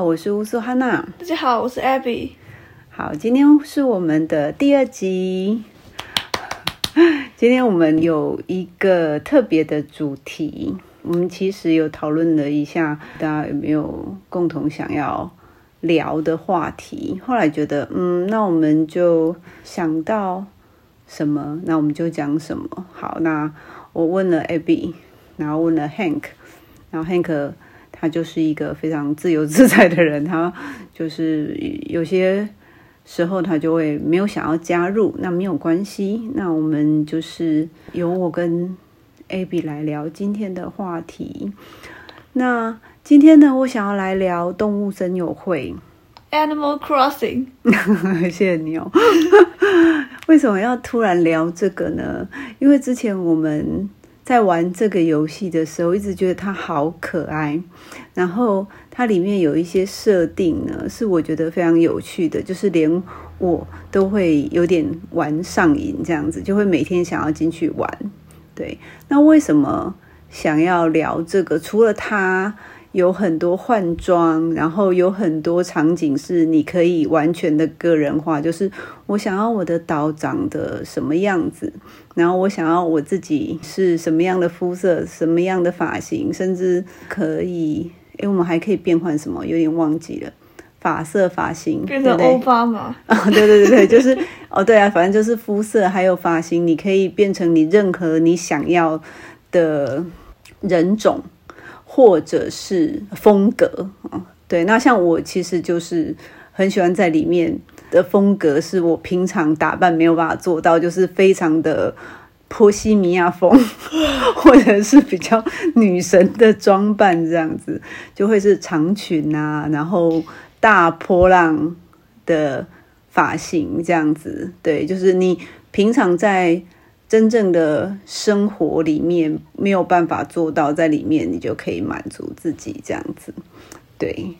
我是烏蘇哈娜。大家好，我是 Abby。好，今天是我們的第二集。 今天我們有一個特別的主題。我們其實有討論了一下，大家有沒有共同想要聊的話題？後來覺得，嗯，那我們就想到什麼，那我們就講什麼。好，那我問了 Abby，然後問了 Hank，然後 Hank。他就是一個非常自由自在的人，他就是有些時候他就會沒有想要加入，那沒有關係。那我們就是由我跟 Abby 來聊今天的話題。那今天呢，我想要來聊《動物森友會》（Animal Crossing）。 謝謝你哦。 為什麼要突然聊這個呢？因為之前我們……在玩這個遊戲的時候，一直覺得它好可愛。然後它裡面有一些設定呢，是我覺得非常有趣的，就是連我都會有點玩上癮這樣子，就會每天想要進去玩。對，那為什麼想要聊這個？除了它，有很多換裝，然後有很多場景是你可以完全的個人化。就是我想要我的島長得什麼樣子，然後我想要我自己是什麼樣的膚色、什麼樣的髮型，甚至可以，因、欸、我們還可以變換什麼？有點忘記了，髮色、髮型，變成歐巴馬啊？對對對對，就是 哦，對啊，反正就是膚色還有髮型，你可以變成你任何你想要的人種。或者是風格啊，對，那像我其實就是很喜歡在裡面的風格，是我平常打扮沒有辦法做到，就是非常的波西米亞風，或者是比較女神的裝扮這樣子，就會是長裙啊，然後大波浪的髮型這樣子，對，就是你平常在。真正的生活裡面沒有辦法做到，在裡面你就可以滿足自己這樣子，對，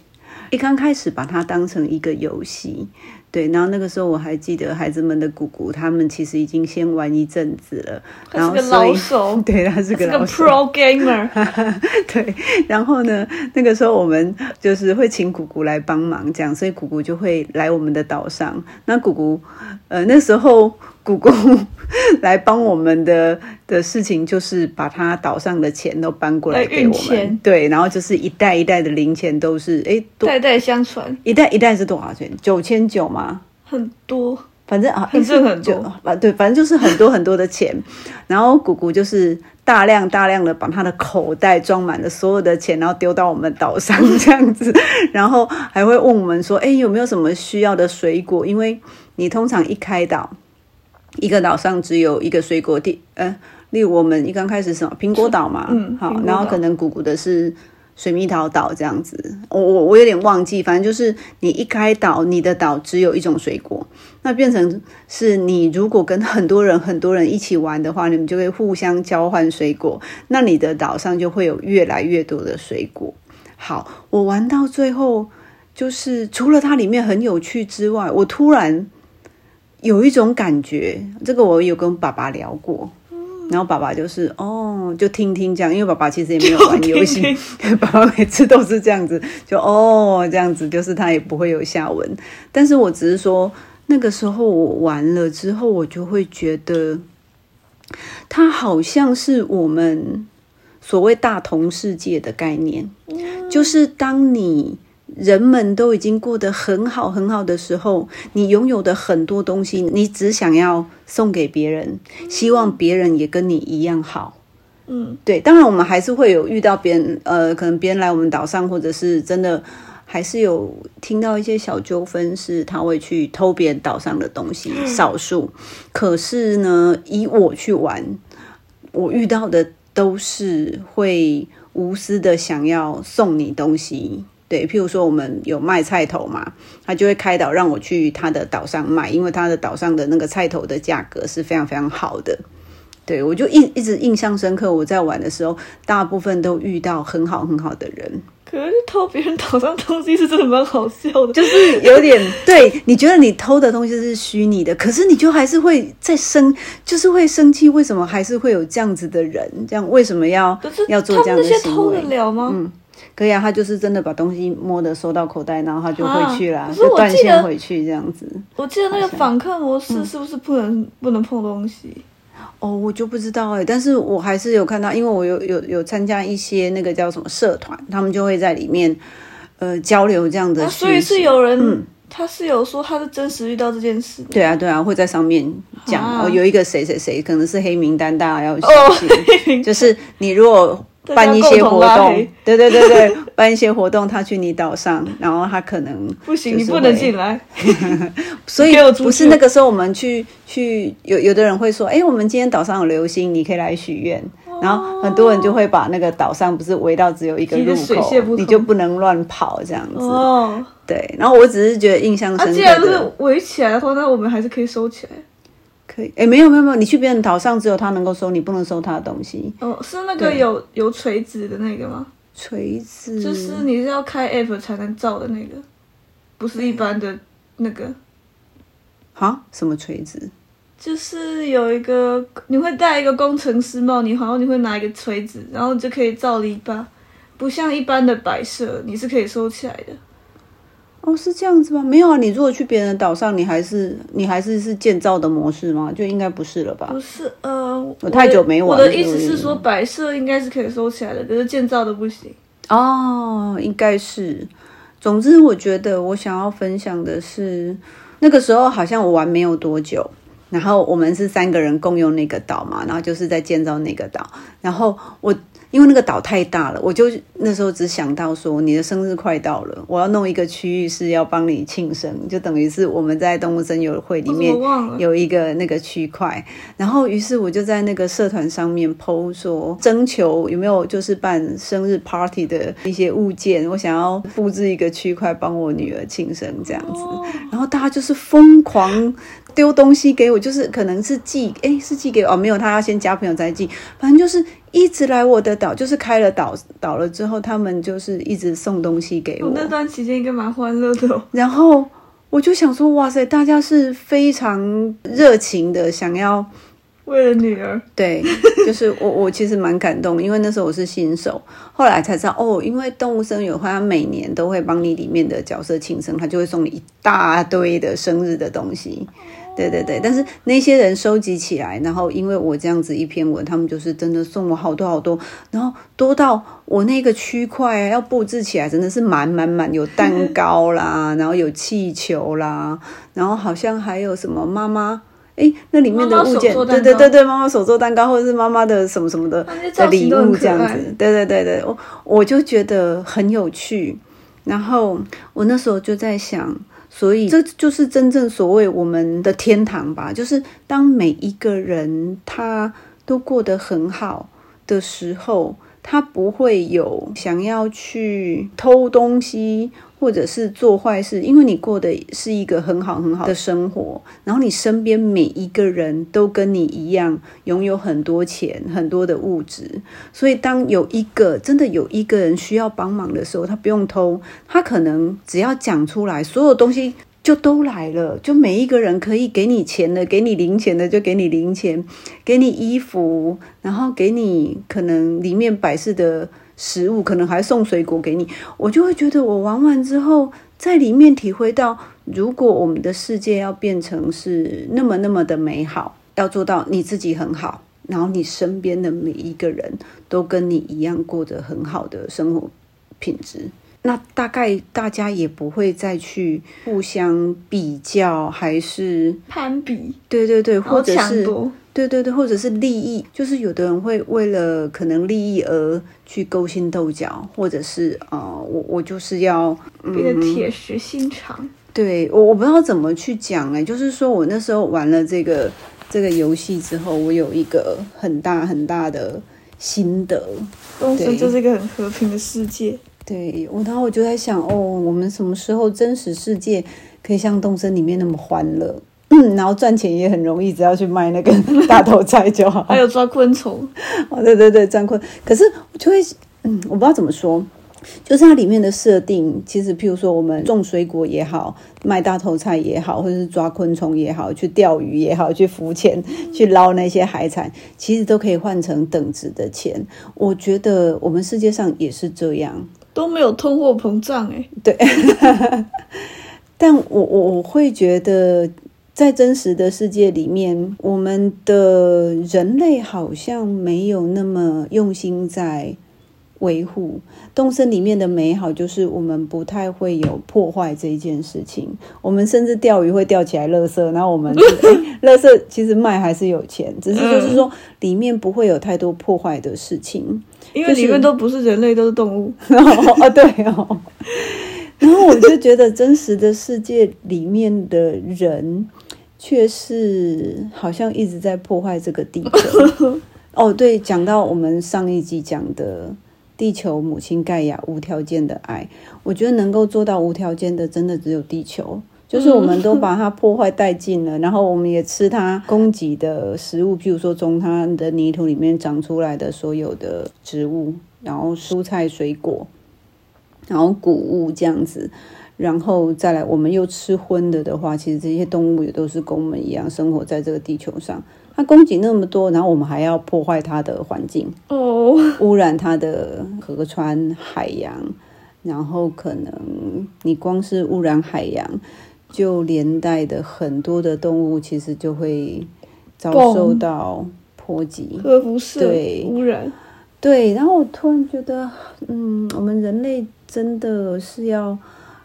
一剛開始把它當成一個遊戲。對，然後那個時候我還記得孩子們的姑姑，他們其實已經先玩一陣子了。是個老手，對，他是個 pro gamer，對。然後呢，那個時候我們就是會請姑姑來幫忙，這樣，所以姑姑就會來我們的島上。那姑姑，呃，那時候姑姑來幫我們的的事情，就是把他島上的錢都搬過來給我們。對，然後就是一袋一袋的零錢，都是哎，代代相傳，一袋一袋是多少錢？九千九嘛。很多，反正啊，反正很多，啊對，反正就是很多很多的錢， 然後姑姑就是大量大量的把他的口袋裝滿了所有的錢，然後丟到我們島上這樣子，然後還會問我們說，哎，有沒有什麼需要的水果？因為你通常一開島，一個島上只有一個水果地，嗯、呃，例如我們一剛開始是什麼蘋果島嘛，嗯，好，然後可能姑姑的是。水蜜桃島這樣子，我我我有點忘記，反正就是你一開島，你的島只有一種水果，那變成是你如果跟很多人很多人一起玩的話，你們就會互相交換水果，那你的島上就會有越來越多的水果。好，我玩到最後，就是除了它裡面很有趣之外，我突然有一種感覺，這個我有跟爸爸聊過。然後爸爸就是哦，就聽聽這樣，因為爸爸其實也沒有玩遊戲，聽聽 爸爸每次都是這樣子，就哦這樣子，就是他也不會有下文。但是我只是說，那個時候我玩了之後，我就會覺得，它好像是我們所謂大同世界的概念，嗯、就是當你。人們都已經過得很好很好的時候，你擁有的很多東西，你只想要送給別人，希望別人也跟你一樣好。嗯，對。當然，我們還是會有遇到別人，呃，可能別人來我們島上，或者是真的還是有聽到一些小糾紛，是他會去偷別人島上的東西，少數。嗯。可是呢，以我去玩，我遇到的都是會無私的想要送你東西。對，譬如說我們有賣菜頭嘛，他就會開島讓我去他的島上賣，因為他的島上的那個菜頭的價格是非常非常好的。對，我就一直印象深刻，我在玩的時候，大部分都遇到很好很好的人。可是偷別人島上東西是真的蠻好笑的，就是有點對，你覺得你偷的東西是虛擬的，可是你就還是會再生，就是會生氣。為什麼還是會有這樣子的人？這樣為什麼要？要做這樣行為？偷得了嗎？嗯可以啊，他就是真的把東西摸得收到口袋，然後他就回去啦、啊，就斷線回去這樣子。我記得那個訪客模式是不是不能、嗯、不能碰東西？哦，我就不知道誒、欸。但是我還是有看到，因為我有有有參加一些那個叫什麼社團，他們就會在裡面呃交流這樣子、啊。所以是有人、嗯、他是有說他是真實遇到這件事。對啊對啊，會在上面講哦，啊、有一個誰誰誰，可能是黑名單，大家要小心。Oh, 就是你如果。辦一些活動，對對對對， 辦一些活動，他去你島上，然後他可能不行，你不能進來。 所以不是那個時候，我們去去有有的人會說，哎、欸，我們今天島上有流星，你可以來許願、哦。然後很多人就會把那個島上不是圍到只有一個入口，水洩不通，你就不能亂跑這樣子。哦，對。然後我只是覺得印象深刻的、啊。既然不是圍起來的話，那我們還是可以收起來。可以，哎，沒有沒有沒有，你去別人島上只有他能夠收，你不能收他的東西。哦，是那個有有錘子的那個嗎？錘子，就是你是要開 APP 才能造的那個，不是一般的那個。哈、啊？什麼錘子？就是有一個，你會戴一個工程師帽，你好像你會拿一個錘子，然後你就可以造籬笆，不像一般的擺設，你是可以收起來的。哦，是這樣子嗎？沒有啊，你如果去別人的島上，你還是你還是是建造的模式嗎？就應該不是了吧？不是，呃，我太久沒玩。我的，我的意思是說，擺設應該是可以收起來的，可是建造的不行。哦，應該是。總之，我覺得我想要分享的是，那個時候好像我玩沒有多久，然後我們是三個人共用那個島嘛，然後就是在建造那個島，然後我。因為那個島太大了，我就那時候只想到說，你的生日快到了，我要弄一個區域是要幫你慶生，就等於是我們在動物森友會裡面有一個那個區塊，然後於是我就在那個社團上面 po 說，徵求有沒有就是辦生日 party 的一些物件，我想要複制一個區塊幫我女兒慶生這樣子，然後大家就是瘋狂丟東西給我，就是可能是寄誒是寄給我哦沒有，他要先加朋友再寄，反正就是。一直來我的島，就是開了島，島了之後，他們就是一直送東西給我。我那段期間應該蠻歡樂的。然後我就想說，哇塞，大家是非常熱情的，想要為了女兒。對，就是我，我其實蠻感動，因為那時候我是新手，後來才知道哦，因為動物森友會的話，他每年都會幫你裡面的角色慶生，他就會送你一大堆的生日的東西。對對對，但是那些人收集起來，然後因為我這樣子一篇文，他們就是真的送我好多好多，然後多到我那個區塊、啊、要布置起來，真的是滿滿滿，有蛋糕啦、嗯，然後有氣球啦，然後好像還有什麼媽媽，哎，那裡面的物件，對對對對，媽媽手做蛋糕或者是媽媽的什麼什麼的、啊、的、的禮物這樣子，對對對對，我我就覺得很有趣，然後我那時候就在想。所以，這就是真正所謂我們的天堂吧。就是當每一個人他都過得很好的時候，他不會有想要去偷東西，或者是做壞事，因為你過的是一個很好很好的生活，然後你身邊每一個人都跟你一樣擁有很多錢、很多的物質，所以當有一個真的有一個人需要幫忙的時候，他不用偷，他可能只要講出來，所有東西就都來了，就每一個人可以給你錢的，給你零錢的就給你零錢，給你衣服，然後給你可能裡面擺飾的。食物可能還送水果給你，我就會覺得我玩完之後，在裡面體會到，如果我們的世界要變成是那麼那麼的美好，要做到你自己很好，然後你身邊的每一個人都跟你一樣過得很好的生活品質，那大概大家也不會再去互相比較，還是攀比，對對對，或者是。對對對，或者是利益，就是有的人會為了可能利益而去勾心鬥角，或者是啊、呃，我我就是要、嗯、變得鐵石心腸。對，我我不知道怎麼去講哎、欸，就是說我那時候玩了這個這個遊戲之後，我有一個很大很大的心得。對，動森就是一個很和平的世界。對我，然後我就在想哦，我們什麼時候真實世界可以像動森裡面那麼歡樂？嗯、然後賺錢也很容易，只要去賣那個大頭菜就好。 還有抓昆蟲、哦，對對對，抓昆。可是就會，嗯，我不知道怎麼說，就是它裡面的設定，其實譬如說我們種水果也好，賣大頭菜也好，或者是抓昆蟲也好，去釣魚也好，去浮潛去撈那些海產，其實都可以換成等值的錢。我覺得我們世界上也是這樣，都沒有通貨膨脹哎。對，但我我我會覺得。在真實的世界裡面，我們的人類好像沒有那麼用心在維護動森裡面的美好，就是我們不太會有破壞這一件事情。我們甚至釣魚會釣起來垃圾，然後我們、欸、垃圾其實賣還是有錢，只是就是說裡面不會有太多破壞的事情，就是，因為裡面都不是人類，都是動物。然 啊、哦哦，對哦，然後我就覺得真實的世界裡面的人確實好像一直在破壞這個地球 哦。對，講到我們上一集講的地球母親蓋亞無條件的愛，我覺得能夠做到無條件的，真的只有地球。 就是我們都把它破壞殆盡了，然後我們也吃它供給的食物，譬如說從它的泥土裡面長出來的所有的植物，然後蔬菜、水果，然後穀物這樣子。然後再來，我們又吃葷的的話，其實這些動物也都是跟我們一樣生活在這個地球上。它供給那麼多，然後我們還要破壞它的環境哦，oh. 污染它的河川、海洋，然後可能你光是污染海洋，就連帶的很多的動物其實就會遭受到波及。核輻、oh. 射對，污染對。然後我突然覺得，嗯，我們人類真的是要。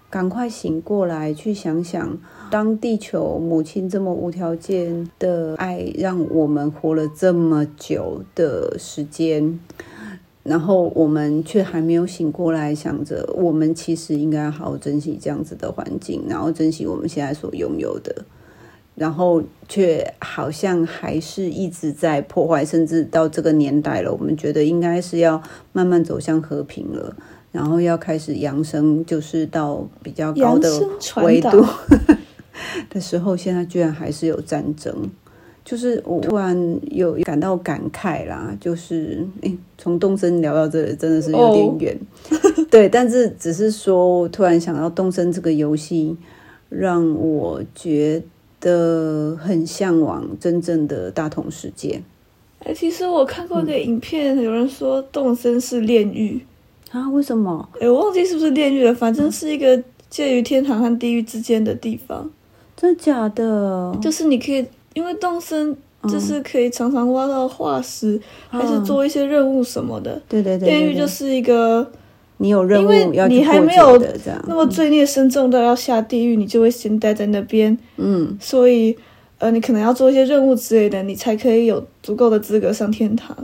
趕快醒過來，去想想當地球母親這麼無條件的愛，讓我們活了這麼久的時間，然後我們卻還沒有醒過來，想着我們其實應該好好珍惜這樣子的環境，然後珍惜我們現在所擁有的，然後卻好像還是一直在破壞，甚至到這個年代了，我們覺得應該是要慢慢走向和平了。然後要開始揚升，就是到比較高的維度的時、的時候，現在居然還是有戰爭，就是我突然有感到感慨啦。就是誒，從動森聊到這裡，真的是有點遠哦。對，但是只是說，我突然想到動森這個遊戲，讓我覺得很向往真正的大同世界。其實我看過一個影片，嗯，有人說動森是煉獄。啊，為什麼？哎、欸，我忘記是不是煉獄了，反正是一個介於天堂和地獄之間的地方。真的假的？就是你可以，因為動森就是可以常常挖到化石、嗯，還是做一些任務什麼的。嗯、對，對，對對對，煉獄就是一個，你有任務要，因為你還沒有那麼罪孽深重到要下地獄，你就會先待在那邊。嗯，所以呃，你可能要做一些任務之類的，你才可以有足夠的資格上天堂。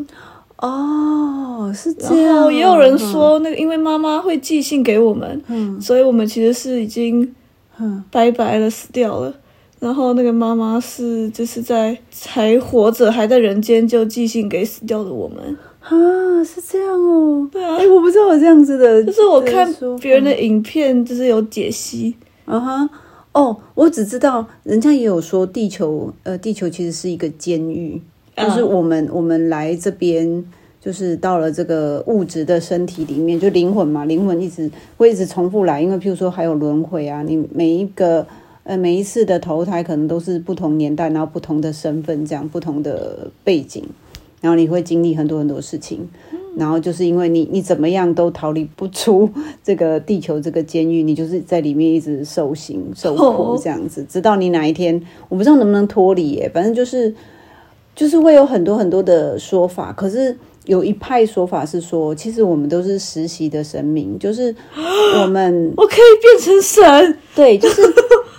哦，是這樣、哦。也有人說，那個因為媽媽會寄信給我們、嗯，所以我們其實是已經，嗯，拜拜了、嗯，死掉了。然後那個媽媽是就是在還活着，還在人間就寄信給死掉的我們。啊，是這樣哦。對啊，哎、欸，我不知道我這樣子的，就是我看別人的影片，就是有解析、嗯、啊哈。哦，我只知道人家也有說地球，呃，地球其實是一個監獄。就是我們我們來這邊，就是到了這個物質的身體裡面，就靈魂嘛，靈魂一直會一直重複來，因為譬如說還有輪迴啊，你每一個呃每一次的投胎可能都是不同年代，然後不同的身份，這樣不同的背景，然後你會經歷很多很多事情，然後就是因為你你怎麼樣都逃離不出這個地球這個監獄，你就是在裡面一直受刑受苦這樣子，直到你哪一天我不知道能不能脫離耶，反正就是。就是會有很多很多的說法，可是有一派說法是說，其實我們都是實習的神明，就是我們我可以變成神，對，就是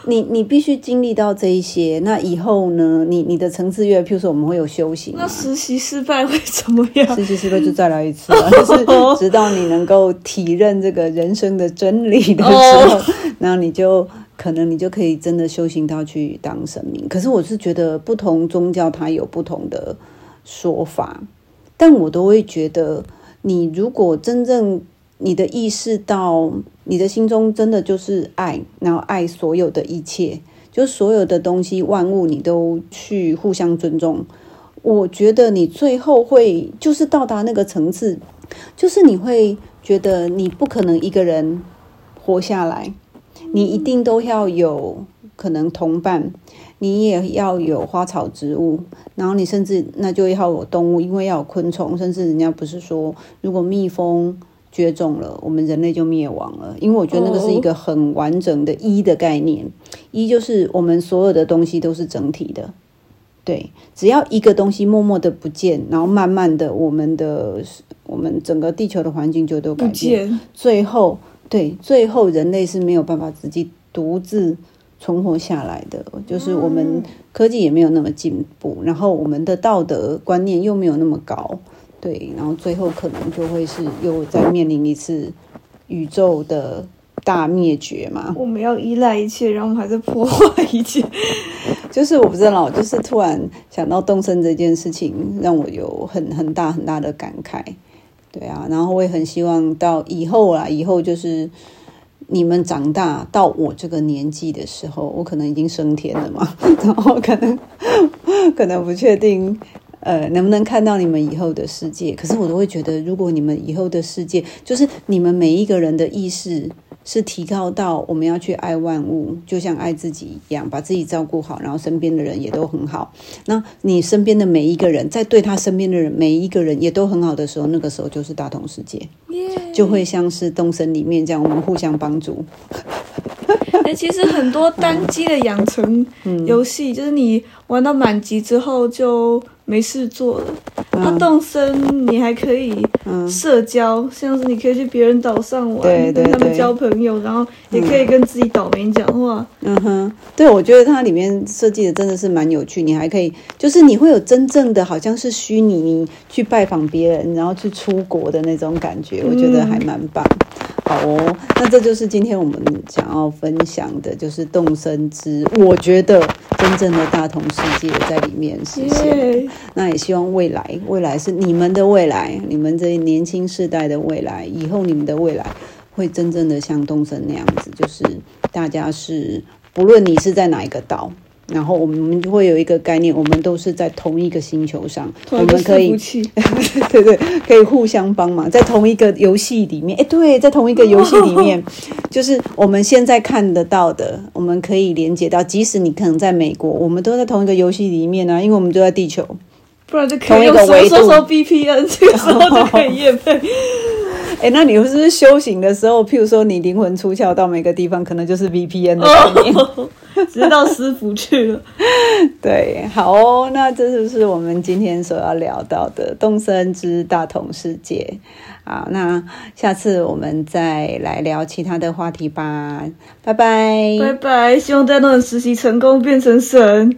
你你必須經歷到這一些， 那以後呢，你你的層次越，比如說我們會有修行啊，那實習失敗會怎麼樣？實習失敗就再來一次了，就是直到你能夠體認這個人生的真理的時候， 然後你就。可能你就可以真的修行到去當神明，可是我是覺得不同宗教它有不同的說法，但我都會覺得，你如果真正你的意識到，你的心中真的就是愛，然後愛所有的一切，就所有的東西萬物，你都去互相尊重。我覺得你最後會就是到達那個層次，就是你會覺得你不可能一個人活下來。你一定都要有可能同伴，你也要有花草植物，然後你甚至那就要有動物，因為要有昆蟲，甚至人家不是說，如果蜜蜂絕種了，我們人類就滅亡了。因為我覺得那個是一個很完整的“一”的概念，“ oh. 一”就是我們所有的東西都是整體的。對，只要一個東西默默的不見，然後慢慢的，我們的我們整個地球的環境就都改變，不見最後。對，最後人類是沒有辦法自己獨自存活下來的，就是我們科技也沒有那麼進步，然後我們的道德觀念又沒有那麼高，對，然後最後可能就會是又再面臨一次宇宙的大滅絕嘛。我們要依賴一切，然後我們還在破壞一切，就是我不知道，就是突然想到動森這件事情，讓我有很很大很大的感慨。對啊，然後我也很希望到以後啊，以後就是你們長大到我這個年紀的時候，我可能已經升天了嘛，然後可能可能不確定，呃，能不能看到你們以後的世界？可是我都會覺得，如果你們以後的世界，就是你們每一個人的意識。是提高到我們要去愛萬物，就像愛自己一樣，把自己照顧好，然後身邊的人也都很好。那你身邊的每一個人，在對他身邊的人每一個人也都很好的時候，那個時候就是大同世界，yeah. 就會像是《動森》裡面這樣，我們互相幫助。那、欸、其實很多單機的養成遊戲，嗯，就是你玩到滿級之後就沒事做了。他、嗯啊、動身，你還可以社交，嗯、像是你可以去別人島上玩，對對對，跟他們交朋友，然後也可以跟自己島民講話嗯。嗯哼，對，我覺得它裡面設計的真的是蠻有趣，你還可以，就是你會有真正的好像是虛擬，你去拜訪別人，然後去出國的那種感覺，嗯、我覺得還蠻棒。好哦，那這就是今天我們想要分享的，就是動森之。我覺得真正的大同世界也在裡面實現。謝謝。那也希望未來，未來是你們的未來，你們這些年輕世代的未來，以後你們的未來會真正的像動森那樣子，就是大家是，不論你是在哪一個島。然後我們會有一個概念，我們都是在同一個星球上，我們可以， 對對，可以互相幫忙，在同一個遊戲裡面，哎，對，在同一個遊戲裡面，oh. 就是我們現在看得到的，我們可以連接到，即使你可能在美國，我們都在同一個遊戲裡面呢、啊，因為我們都在地球，不然就可以用以搜搜 V P N，這個時候就可以驗費。Oh. 哎、欸,那你是不是修行的時候，譬如說你靈魂出竅到每個地方，可能就是 VPN 的畫面，oh, 直接到師傅去了。 對，好哦，那這就是我們今天所要聊到的《動森之大同世界》。好，那下次我們再來聊其他的話題吧，拜拜，拜拜。希望大家都能實習成功，變成神。